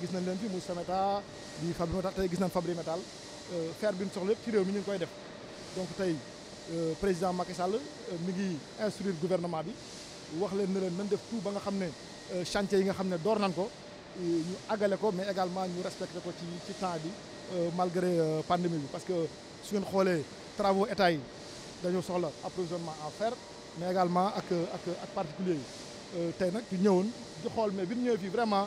gis nañ leen fi Moussa Meta di Fabri Metal tay gis Fabri Metal fer bi ñu soxla ci rew mi ñu ngi koy def donc tay euh président Macky Sall euh, mi ngi instruire gouvernement bi wax leen ne leen nañ def tout ba nga xamné euh, chantier yi nga xamné dor door nañ ko ñu agalé ko mais également ñu respecté ko ci ci temps bi euh, malgré pandémie bi parce que su ngeen xoolee travaux état yi dañoo soxla approvisionnement en fer mais également ak ak ak particulier yi tey nag ñu ñëwoon di xool mais bi ñu fi vraiment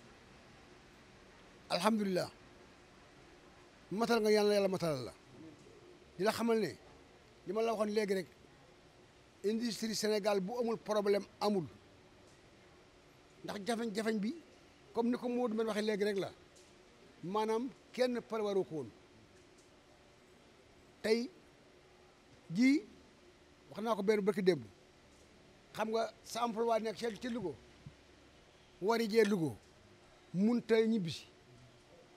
alhamdulilah matal nga yàlla yàlla matalal la di la xamal ne li ma la waxoon léegi rek industrie Sénégal bu amul problème amul ndax jafeñ-jafeñ bi comme ni ko Modou man waxee léegi rek la maanaam kenn prévoiru ko woon tey jii wax naa ko benn bëkk démb xam nga sa waa nekk ci Louga war yi jee Louga mun tey ñibbisi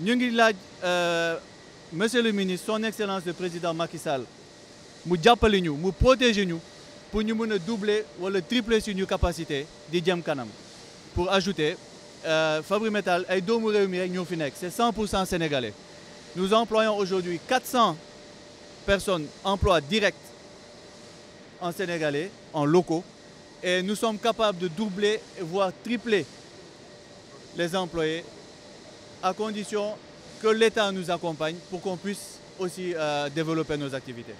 Nous euh, monsieur le ministre son excellence le président Macky Sall nous nous pour nous doubler ou tripler nos capacités di jëm kanam pour ajouter euh, Fabri Metal ay et c'est 100 sénégalais nous employons aujourd'hui 400 personnes emploi direct en sénégalais en locaux et nous sommes capables de doubler voire tripler les employés à condition que l'État nous accompagne pour qu'on puisse aussi euh, développer nos activités.